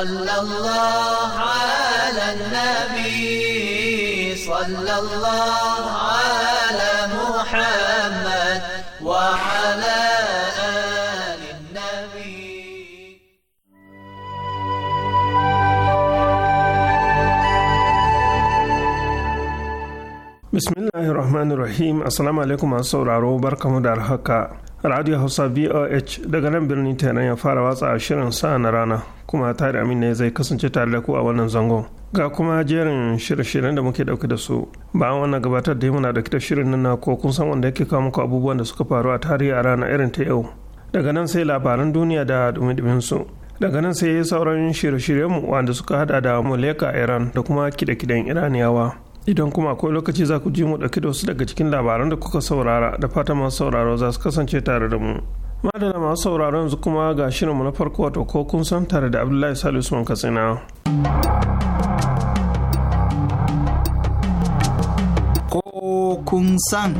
صلى الله على النبي صلى الله على محمد وعلى آل النبي بسم الله الرحمن الرحيم السلام عليكم ورحمة الله وبركاته radio hausa voh daga nan birnin tehran ya fara watsa a shirin sa na rana kuma tare amin ne zai kasance tare da ku a wannan zangon ga kuma jerin shirye-shiryen da muke dauke da su bayan wannan gabatar da muna dauke da shirin nan na ko kun san wanda yake kawo muku abubuwan da suka faru a tarihi a rana irin ta yau daga nan sai labaran duniya da dumi su daga nan sai sauran shirye shiryen mu wanda suka hada da muleka iran da kuma kide-kiden iraniyawa idan kuma akwai lokaci za ku ji mu ɗauki da wasu daga cikin labaran da kuka saurara da fata masu sauraro za su kasance tare da mu madana masu sauraro yanzu kuma ga shirinmu na farko wato ko kun san tare da abdullahi salisu usman katsina ko kun san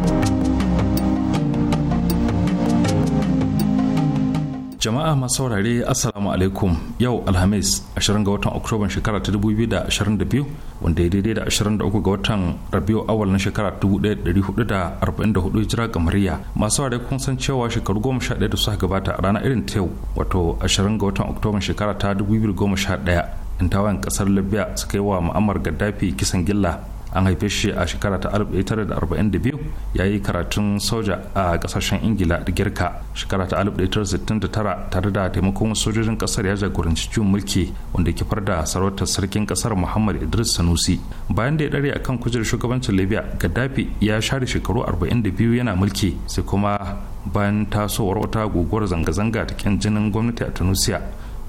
jama'a masu saurare assalamu alaikum yau alhamis 20 ga watan oktoba shekara ta 2022 wanda ya daidai da 23 ga watan rabiu awal na shekara 1444 ga gamariya masu saurare kun san cewa shekaru 11 da suka gabata a ranar irin ta yau wato 20 ga watan oktoba shekara ta 2011 intawan kasar libya suka yi wa mu'ammar gaddafi kisan gilla an haife shi a shekara ta 1942 ya yi karatun soja a kasashen ingila da girka shekara ta 1969 tare da taimakon sojojin kasar ya jagoranci jin mulki wanda ke da sarautar sarkin kasar muhammad idris sanusi bayan da ya dare akan kujerar shugabancin libya gaddafi ya share shekaru 42 yana mulki sai kuma bayan tasowar wata guguwar zanga-zanga ta kyan jinin gwamnati a tunisia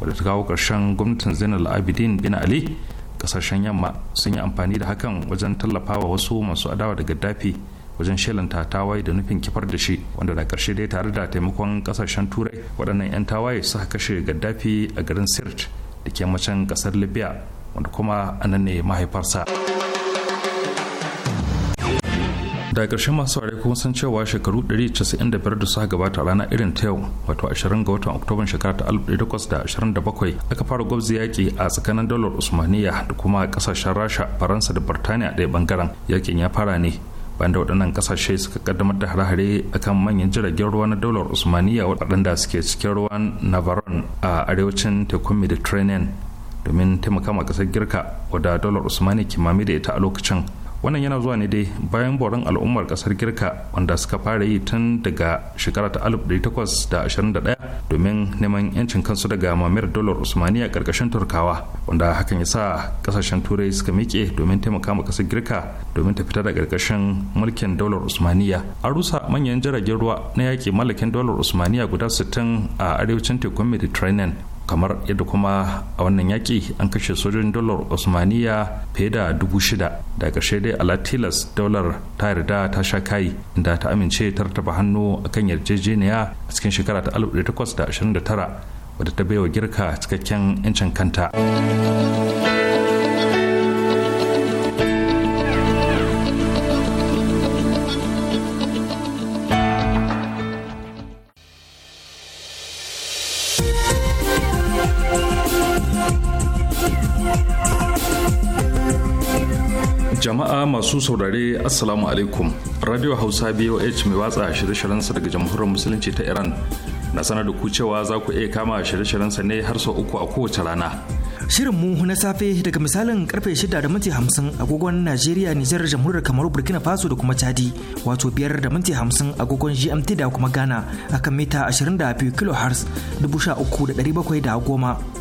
wadda ta kawo ƙarshen gwamnatin zainal abidin bin ali kasashen yamma sun yi amfani da hakan wajen tallafawa wasu masu adawa da gaddafi wajen shelin tawaye da nufin kifar da shi wanda da karshe dai tare da taimakon kasashen turai waɗannan 'yan tawaye suka kashe gaddafi a garin sirt da ke macen ƙasar libya wanda kuma anan ne mahaifarsa. da ƙarshen masu ware kuma san cewa shekaru 195 da suka gabata rana irin ta yau wato 20 ga watan oktoban shekara ta 1827 aka fara gwabzi yaƙi a tsakanin dalar usmaniya da kuma ƙasashen rasha faransa da birtaniya ɗaya bangaren yaƙin ya fara ne banda waɗannan ƙasashe suka kaddamar da hare-hare akan manyan jiragen ruwa na daular usmaniya waɗanda suke cikin ruwan navarone a arewacin tekun mediterranean domin taimaka ma ƙasar girka wadda daular usmaniya kimami da ita a lokacin wannan yana zuwa ne dai bayan boron al'ummar kasar girka wanda suka fara yi tun daga shekara ta 1821 domin neman yancin kansu daga mamayar dolar usmaniya karkashin turkawa wanda hakan ya sa kasashen turai suka miƙe domin taimaka ma kasar girka domin ta fita da karkashin mulkin dolar usmaniya an rusa manyan jiragen ruwa na yaƙi mallakin dolar usmaniya guda 60 a arewacin tekun mediterranean kamar yadda kuma a wannan yaƙi an kashe sojojin dalar osmaniya fiye da dubu shida da ƙarshe dai alatilas tilas ta yarda ta sha kai inda ta amince ta rataba hannu akan yarjejeniya a cikin shekara ta 1829 wadda ta baiwa girka cikakken 'yancin kanta jama'a masu saurare assalamu alaikum radio hausa boh mai watsa shirye-shiryensa daga jamhuriyar musulunci ta iran na sanar da ku cewa za ku iya kama shirye-shiryensa ne har sau uku a kowace rana shirin mu na safe daga misalin karfe shida da minti 50 agogon najeriya nijar jamhuriyar kamaru burkina faso da kuma chadi wato biyar da minti 50 agogon gmt da kuma ghana akan mita da 22 kilohertz 13710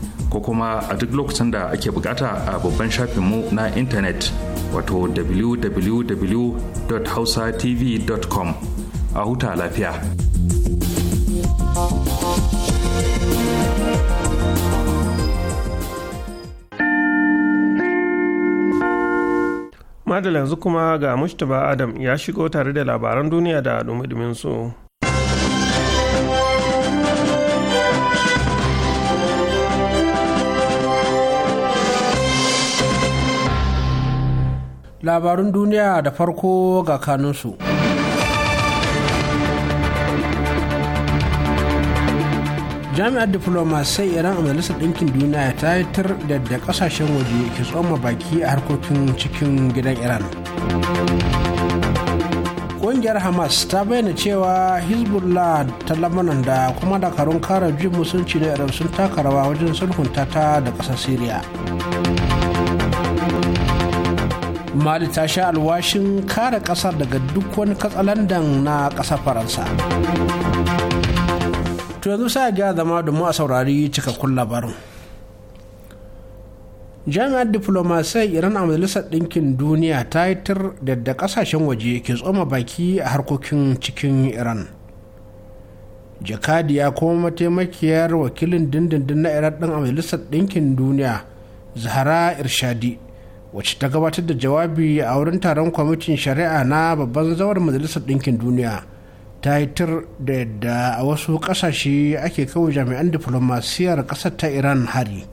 ko kuma a duk lokacin da ake bukata a babban mu na intanet wato www.hausatv.com a huta lafiya. Madalla yanzu kuma ga Mustapha Adam ya shigo tare da labaran duniya da dumi su. labarun duniya da farko ga kanunsu. jami'ar diplomasai iran a majalisar ɗinkin duniya ta yitar da da ƙasashen waje ke tsoma baki a harkokin cikin gidan iran ƙungiyar hamas ta bayyana cewa hezbollah ta lamunan da kuma dakarun kara jin musulunci na iran sun taka rawa wajen sulhunta ta da ƙasar syria mali ta sha alwashin kare kasar daga duk wani katsalandan na kasar faransa to yanzu sai ga zama mu a saurari cikakkun labarin jami'ar diplomasai iran a majalisar ɗinkin duniya ta yi tur da ƙasashen waje ke tsoma baki a harkokin cikin iran jakadiya kuma mataimakiyar wakilin dindindin na iran ɗin a majalisar ɗinkin duniya Zahra irshadi wacce ta gabatar da jawabi a wurin taron kwamitin shari'a na babban zawar majalisar ɗinkin duniya ta haitar da yadda a wasu ƙasashe ake kawo jami'an diflomasiyar ƙasar ta iran hari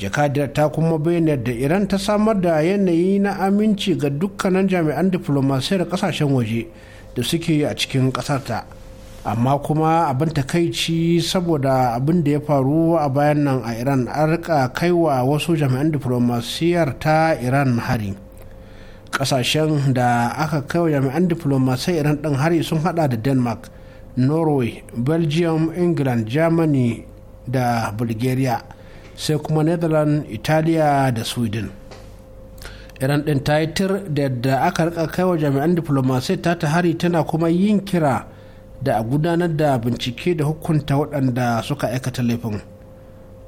jakadiyar ta kuma bayyana da iran ta samar da yanayi na aminci ga dukkanin jami'an diflomasiyar ƙasashen waje da suke a cikin ƙasarta. amma kuma abin takaici saboda abin da ya faru a bayan nan a iran an rika wa wasu jami'an diflomasiyar ta iran hari kasashen da aka kai wa jami'an diflomasiyar iran din hari sun hada da denmark norway belgium england germany da bulgaria sai kuma netherlands italiya da sweden iran din ta yi tir da aka rika wa jami'an diflomasiyar ta hari tana kuma yin kira da a gudanar da bincike da hukunta waɗanda suka aikata laifin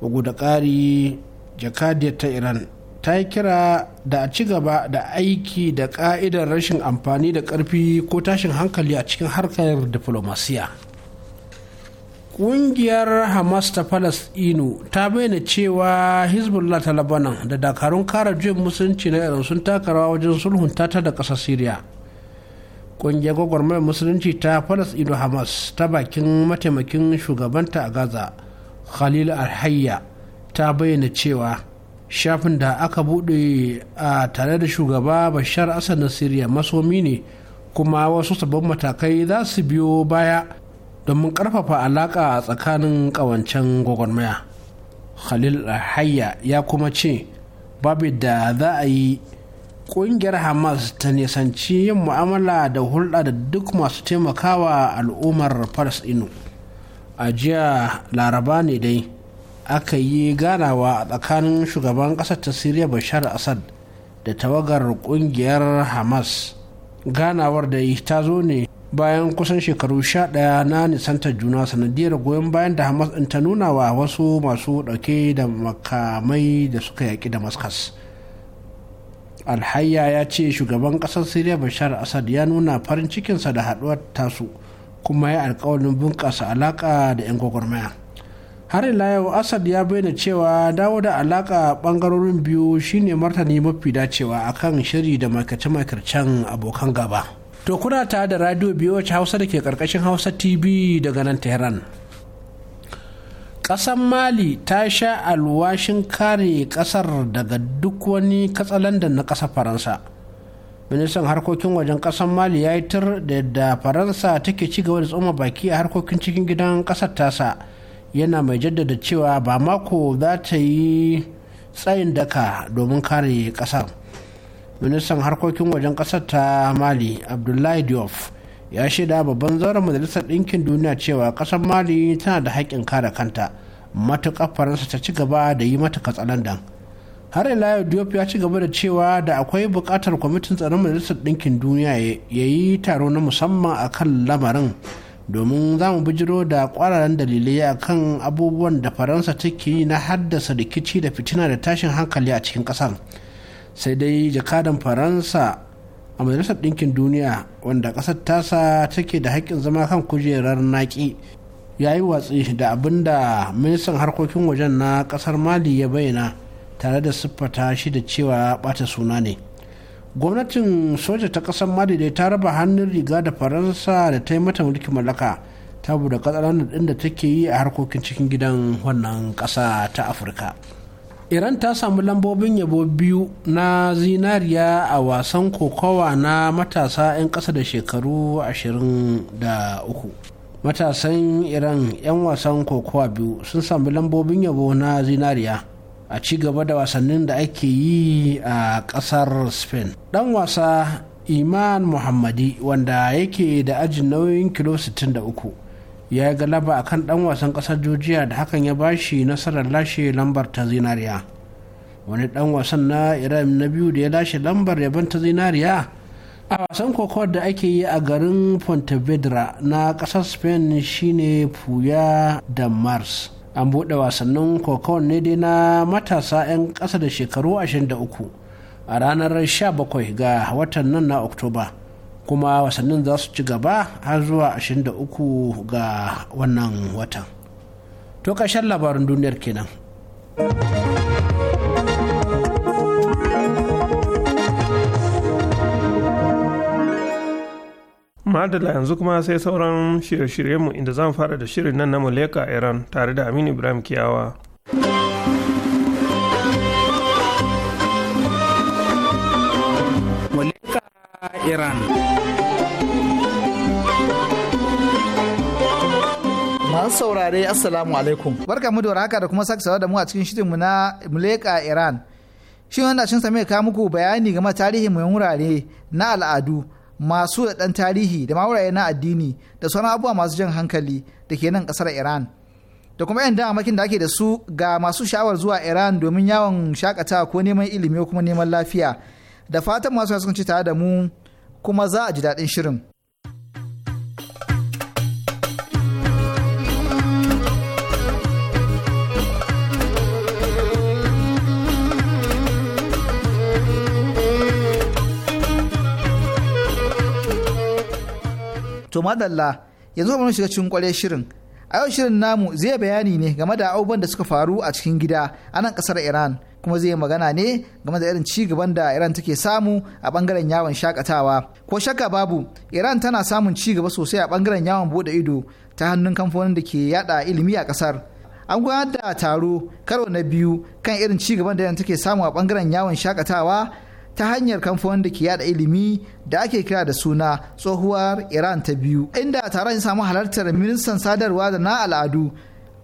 bugu da ƙari jakadiyar ta iran ta yi kira da a ci gaba da aiki da ƙa'idar rashin amfani da ƙarfi ko tashin hankali a cikin harkar diflomasiya ƙungiyar hamas ta palestino ta bayyana cewa hezbollah ta labanan da dakarun kara juyin musulunci na iran sun taka rawa wajen sulhunta ta da ƙasar syria ƙungiyar gwagwarmayar musulunci ta ido hamas ta bakin mataimakin shugabanta a gaza khalil alhayya ta bayyana cewa shafin da aka buɗe a tare da shugaba bashar asad na siriya masomi ne kuma wasu sabbin matakai za su biyo baya domin ƙarfafa alaƙa a tsakanin ƙawancen gwagwarmaya khalil alhayya ya kuma ce babu da za a yi ƙungiyar hamas ta nisanci yin mu'amala da hulɗa da duk masu taimakawa al'ummar ino a jiya laraba ne dai aka yi ganawa a tsakanin shugaban ƙasar ta siriya bashar asad da tawagar ƙungiyar hamas ganawar da ta zo ne bayan kusan shekaru sha ɗaya na nisantar juna sanadiyar goyon bayan da hamas in ta nuna wa wasu masu ɗauke da makamai da suka yaƙi damascus alhayya ya ce shugaban kasar siriya bashar asad ya nuna farin cikinsa da haduwar tasu kuma ya alkawalin bunƙasa alaƙa da 'yan gwagwarmaya har ila yau asad ya bayyana cewa dawo da alaƙa ɓangarorin biyu shine martani mafi dacewa akan shiri da maikace-maikacen abokan gaba to kuna ta da radio biyu wacce hausa da ke karkashin hausa tv daga nan tehran ƙasar mali ta sha alwashin kare ƙasar daga duk wani katsalandan na ƙasar faransa ministan harkokin wajen ƙasar mali ya yi tur da yadda faransa take ci gaba da tsoma baki a harkokin cikin gidan ƙasar tasa yana mai jaddada cewa ba mako za ta yi tsayin daka domin kare ƙasar ministan harkokin wajen ƙasar ta mali abdullahi diop ya shaida babban zauren majalisar ɗinkin duniya cewa ƙasar mali tana da haƙƙin kare kanta matuƙar faransa ta ci gaba da yi mata katsalandan har ila yau diop ya ci gaba da cewa da akwai buƙatar kwamitin tsaron majalisar ɗinkin duniya ya yi taro na musamman a kan lamarin domin za mu bijiro da ƙwararren dalilai a kan abubuwan da faransa take yi na haddasa rikici da fitina da tashin hankali a cikin ƙasar sai dai jakadan faransa a majalisar ɗinkin duniya wanda ƙasar tasa take da haƙƙin zama kan kujerar naƙi ya yi watsi da abin da ministan harkokin wajen na ƙasar mali ya bayyana tare da siffata shi da cewa ɓata suna ne gwamnatin soja ta ƙasar mali dai ta raba hannun riga da faransa da ta yi mata mulkin mallaka ta buɗe katsalan ɗin da take yi a harkokin cikin gidan wannan ƙasa ta afirka iran ta samu lambobin yabo biyu na zinariya a wasan kokowa na matasa 'yan ƙasa da shekaru 23 matasan iran 'yan wasan kokowa biyu sun samu lambobin yabo na zinariya a ci gaba da wasannin da ake yi a ƙasar spain ɗan wasa iman muhammadi wanda yake da ajin nauyin kilo 63 ya yi galaba akan dan wasan kasar georgia da hakan ya bashi nasarar lashe lambar ta zinariya wani dan wasan na iran na biyu da ya lashe lambar yaban ta zinariya a wasan kokowar da ake yi a garin pontevedra na kasar spain shine puya da mars an buɗe wasannin kokowar ne dai na matasa 'yan ƙasa da shekaru 23 a ranar 17 ga watan nan na oktoba kuma wasannin za su ci gaba har zuwa 23 ga wannan watan to ƙarshen labarin duniyar kenan madala yanzu kuma sai sauran shirye-shiryenmu inda zan fara da shirin nan na muleka iran tare da aminu ibrahim kiyawa Iran. Masu saurare Assalamu alaikum. Barka mu da haka da kuma sake da mu a cikin shirinmu na Muleka Iran. shi wanda shin same ka muku bayani game tarihin mai wurare na al'adu masu da ɗan tarihi da ma wurare na addini da sauran abubuwa masu jan hankali da ke nan ƙasar Iran. Da kuma yan damakin da ake da su ga masu sha'awar zuwa Iran domin yawon shakatawa ko neman ilimi ko kuma neman lafiya. da fatan masu kasance tare da mu kuma za a ji daɗin shirin. To madalla yanzu mun shiga cikin kware shirin. A yau shirin namu zai bayani ne game da abubuwan da suka faru a cikin gida a nan ƙasar Iran. kuma zai yi magana ne game da irin ci gaban da Iran take samu a bangaren yawon shakatawa. Ko shakka babu, Iran tana samun ci gaba sosai a bangaren yawon bude ido ta hannun kamfanin da ke yada ilimi a kasar. An gudanar da taro karo na biyu kan irin ci gaban da Iran take samu a bangaren yawon shakatawa ta hanyar kamfanin da ke yada ilimi da ake kira da suna tsohuwar Iran ta biyu. Inda taron ya samu halartar ministan sadarwa da na al'adu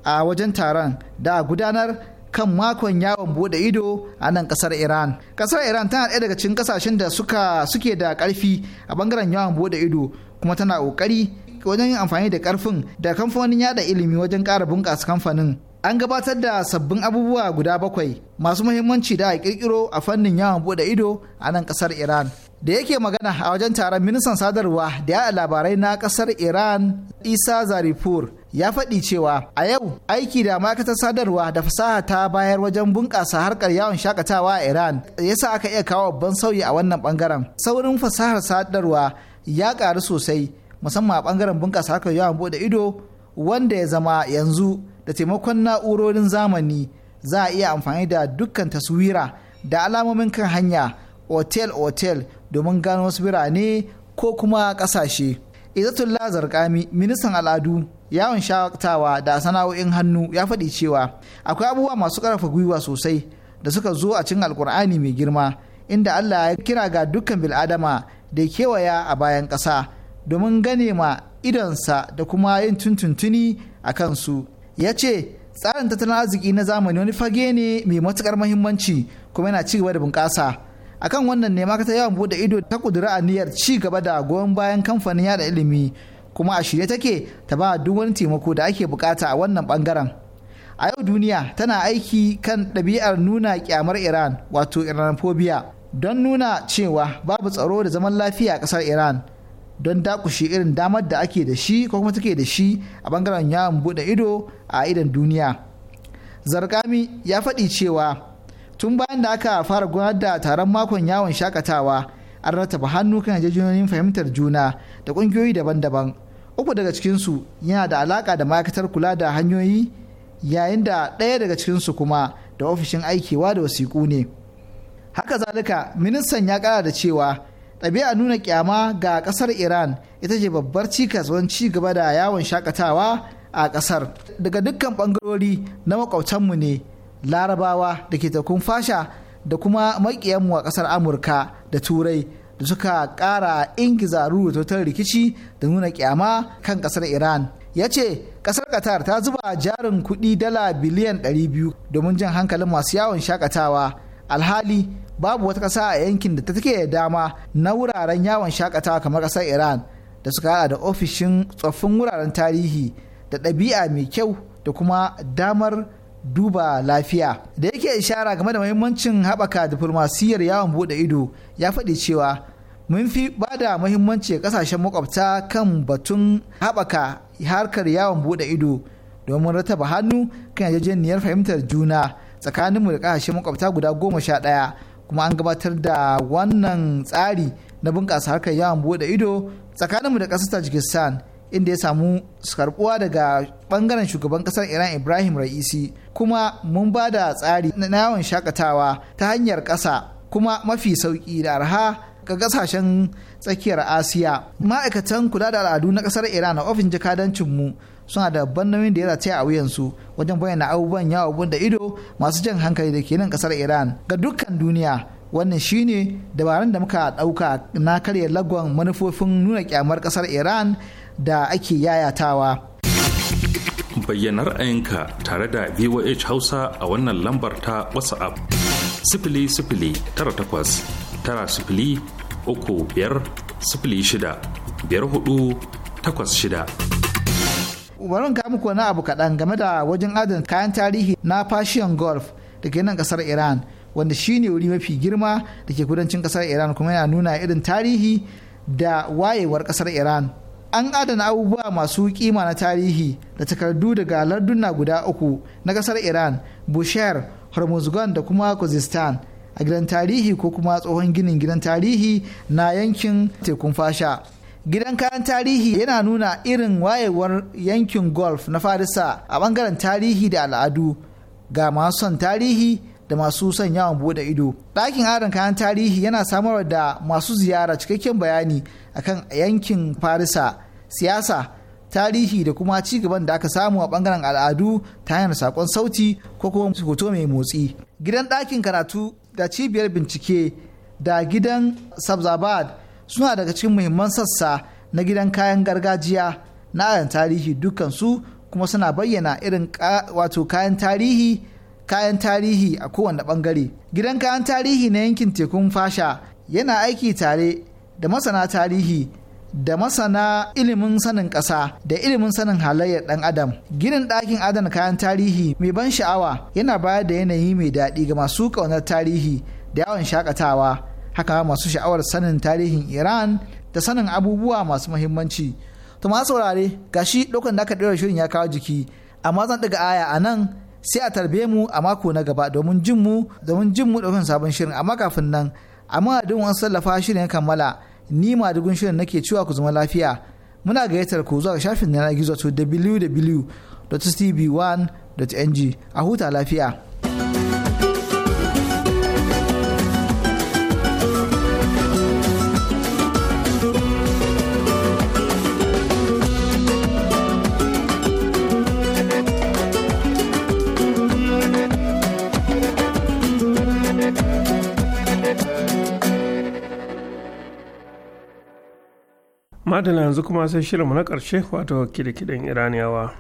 a wajen taron da gudanar kan makon yawon bude ido a nan kasar Iran. Kasar Iran tana ɗaya daga cikin kasashen da suka suke da ƙarfi a bangaren yawon bude ido kuma tana ƙoƙari wajen yin amfani da ƙarfin da kamfanin yada ilimi wajen ƙara bunƙasa kamfanin. An gabatar da sabbin abubuwa guda bakwai masu muhimmanci da a ƙirƙiro a fannin yawon bude ido a nan ƙasar Iran. da yake magana a wajen taron ministan sadarwa da ya labarai na kasar iran isa zarifur ya faɗi cewa a yau aiki da ma'aikatar sadarwa da fasaha ta bayar wajen bunƙasa harkar yawon shakatawa a iran yasa aka iya kawo babban sauyi a wannan bangaren saurin fasahar sadarwa ya ƙaru sosai musamman a bangaren bunƙasa harkar yawon buɗe ido wanda ya zama yanzu da taimakon na'urorin zamani za a iya amfani da dukkan taswira da alamomin kan hanya otel-otel domin gano wasu birane ko kuma ƙasashe. Izzatullah Zarkami, ministan al'adu, yawon shakatawa da sana'o'in hannu ya faɗi cewa akwai abubuwa masu ƙarfafa gwiwa sosai da suka zo a cikin alkur'ani mai girma inda Allah ya kira ga dukkan bil'adama da ya kewaya a bayan ƙasa domin gane ma idonsa da kuma yin tuntuntuni a kansu. Ya ce tsarin tattalin arziki na zamani wani fage ne mai matuƙar muhimmanci kuma yana ci gaba da bunƙasa. akan wannan ne ta yawan bude ido ta kudura aniyar ci gaba da goyon bayan kamfanin yada ilimi kuma a shirye take ta ba duk wani taimako da ake bukata a wannan bangaren a yau duniya tana aiki kan ɗabi'ar nuna kyamar iran wato iranophobia don nuna cewa babu tsaro da zaman lafiya a ƙasar iran don dakushe irin damar da ake da shi ko kuma take da shi a bangaren yawon bude ido a idan duniya zargami ya faɗi cewa tun bayan da aka fara gudanar da taron makon yawon shakatawa an rattaba hannu kan yarjejeniyoyin fahimtar juna da ƙungiyoyi daban-daban uku daga cikinsu yana da alaka da ma'aikatar kula da hanyoyi yayin da ɗaya daga cikinsu kuma da ofishin aikewa da wasiƙu ne haka zalika ministan ya kara da cewa ɗabi'a nuna kyama ga ƙasar iran ita ce babbar cikas wani ci gaba da yawon shakatawa a ƙasar daga dukkan ɓangarori na mu ne larabawa da ke takun fasha da kuma makiyanmu a ƙasar amurka da turai da suka ƙara ingiza rurutautar rikici da nuna kyama kan ƙasar iran ya ce ƙasar qatar ta zuba jarin kuɗi dala biliyan 200 domin jan hankalin masu yawon shakatawa alhali babu wata ƙasa a yankin da ta take da dama na wuraren yawon shakatawa kamar ƙasar iran da suka hada da ofishin tsoffin wuraren tarihi da ɗabi'a mai kyau da kuma damar duba lafiya da yake ishara game da muhimmancin haɓaka diflomasiyyar yawon buɗe ido ya faɗi cewa mun fi ba da muhimmanci kasashen makwabta kan batun haɓaka harkar yawon buɗe ido domin rataba hannu kan yarjejeniyar fahimtar juna tsakaninmu da ƙasashen makwabta guda goma sha ɗaya kuma an gabatar da wannan tsari na bunƙasa harkar yawon buɗe ido tsakaninmu da ƙasar tajikistan inda ya samu karɓuwa daga ɓangaren shugaban ƙasar iran ibrahim ra'isi kuma mun ba da tsari na yawon shakatawa ta hanyar ƙasa kuma mafi sauƙi da arha ga ƙasashen tsakiyar asiya ma'aikatan kula da al'adu na ƙasar iran a ofin jakadancinmu suna da babban nauyin da ya zace a wuyansu wajen bayyana abubuwan yawon da ido masu jan hankali da ke nan ƙasar iran ga dukkan duniya wannan shine dabarun da muka ɗauka na karya lagon manufofin nuna kyamar ƙasar iran da ake yayatawa bayyana ra'ayinka tare da voh hausa a wannan lambar ta whatsapp sifili sifili tara takwas tara sifili uku biyar sifili shida biyar ga muku wani abu kaɗan game da wajen adana kayan tarihi na fashion golf da ke nan ƙasar iran wanda shine wuri mafi girma da ke kudancin ƙasar iran kuma yana nuna irin tarihi da wayewar ƙasar iran an adana abubuwa masu kima na tarihi da takardu daga larduna guda uku na kasar iran bushar hormuzgan da kuma kuzistan a gidan tarihi ko kuma tsohon ginin gidan tarihi na yankin tekun fasha gidan kayan tarihi yana nuna irin wayewar yankin golf na farisa a bangaren tarihi da al'adu ga masu son tarihi da masu son yawon bude ido. Ɗakin adon kayan tarihi yana samar da masu ziyara cikakken bayani akan yankin Farisa, siyasa, tarihi da kuma ci gaban da aka samu a bangaren al'adu ta hanyar saƙon sauti ko kuma hoto mai motsi. Gidan ɗakin karatu da cibiyar bincike da gidan Sabzabad suna daga cikin muhimman sassa na gidan kayan gargajiya na tarihi dukkansu kuma suna bayyana irin wato kayan tarihi kayan tarihi a kowane bangare. Gidan kayan tarihi na yankin tekun fasha yana aiki tare da masana tarihi da masana ilimin sanin ƙasa da ilimin sanin halayyar ɗan adam ginin ɗakin adana kayan tarihi mai ban sha'awa yana bayar da yanayi mai daɗi ga masu ƙaunar tarihi da yawan shakatawa haka masu sha'awar sanin tarihin iran da sanin abubuwa masu muhimmanci to masu saurare gashi ɗaukan da aka ɗora shirin ya kawo jiki amma zan ɗaga aya a nan sai a tarbe mu a mako na gaba domin jin mu domin jin mu daukan sabon shirin amma kafin nan amma adin wani sallafa shirin ya kammala ni ma dugun shirin nake cewa ku zama lafiya muna gayyatar ku zuwa shafin na gizo to www.tv1.ng a huta lafiya. madala yanzu kuma sai shirinmu na ƙarshe wato kide-kiden iraniyawa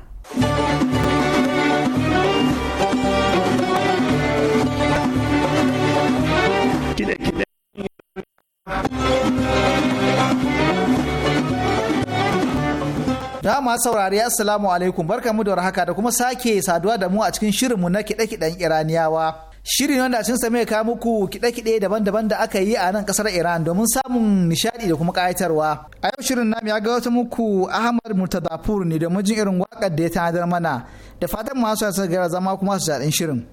Dama saurari Assalamu alaikum barkamu da warhaka da kuma sake saduwa da mu a cikin shirinmu na kiɗe-kiɗen Iraniyawa. shirin wanda sun same ka muku kiɗe-kiɗe daban-daban da aka yi a nan kasar Iran domin samun nishadi da kuma kayatarwa. A yau shirin nam ya wata muku Ahmad Murtadapur ne da jin irin wakar da ya tanadar mana da fatan masu yasa gara zama kuma su daɗin shirin.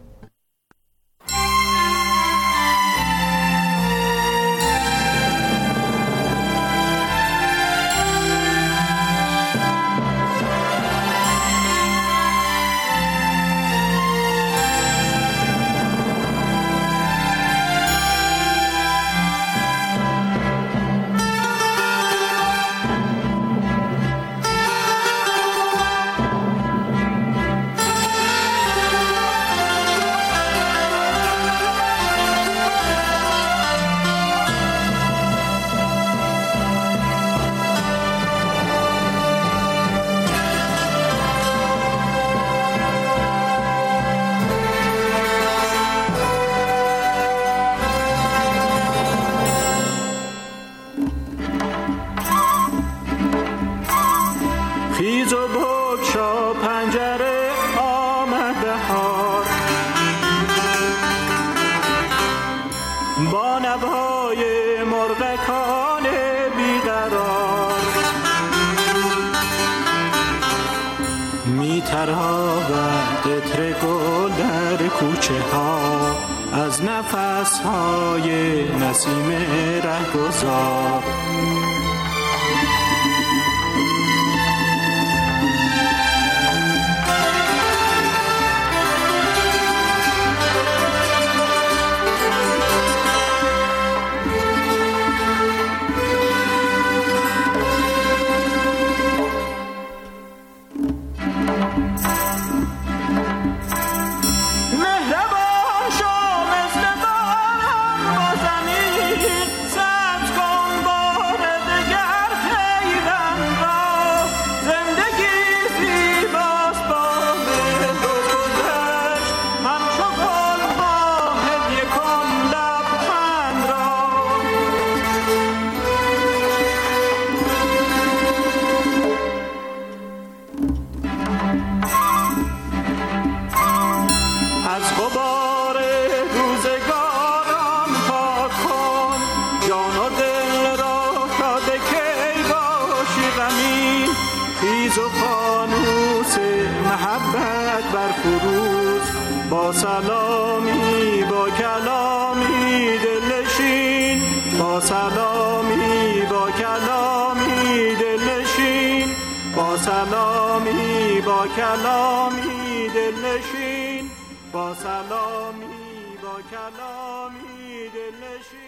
سلامی با کلامی دلشین با سلامی با کلامی دلشین با سلامی با کلامی دلشین با سلامی با کلامی دلشین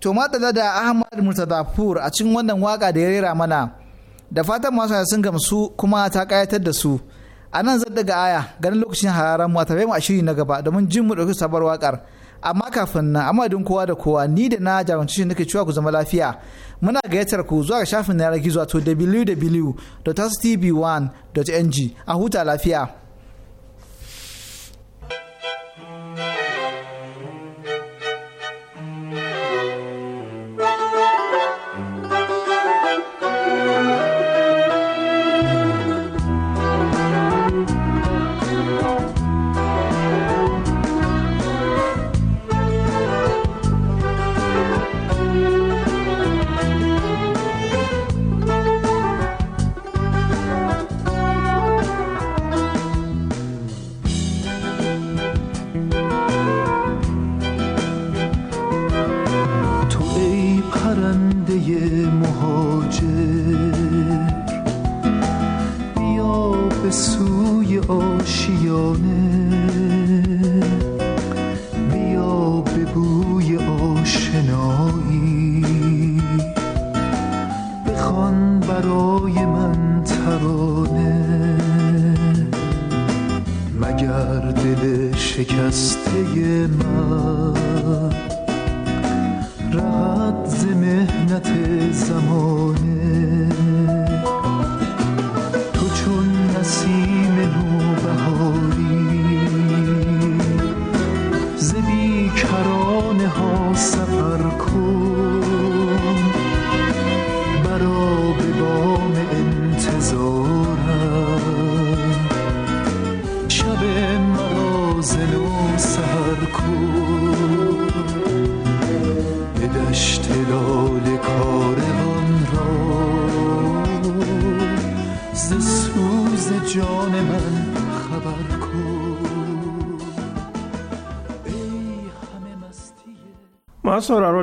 to madalla da Ahmad Murtadapur a cikin wannan waka da ya rera mana da fatan masu sun gamsu kuma ta kayatar da su a nan zan daga aya ganin lokacin hararan mu a tafe mu a shiri na gaba domin jin mu ɗauki sabar wakar amma kafin nan amma don kowa da kowa ni da na jagoranci shi nake cewa ku zama lafiya muna gayyatar ku zuwa ga shafin na yanar gizo to www.tv1.ng a huta lafiya.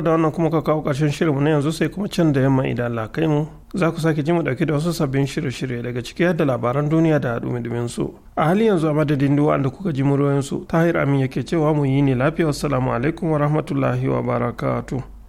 sauraro da wannan kuma ka kawo ƙarshen shirinmu na yanzu sai kuma can da yamma idan Allah kai mu za ku sake ji mu ɗauki da wasu sabbin shirye-shirye daga ciki da labaran duniya da dumi su a hali yanzu a madadin duwa da kuka ji muryoyinsu su tahir amin yake cewa mu yi ne lafiya assalamu alaikum wa rahmatullahi wa barakatuh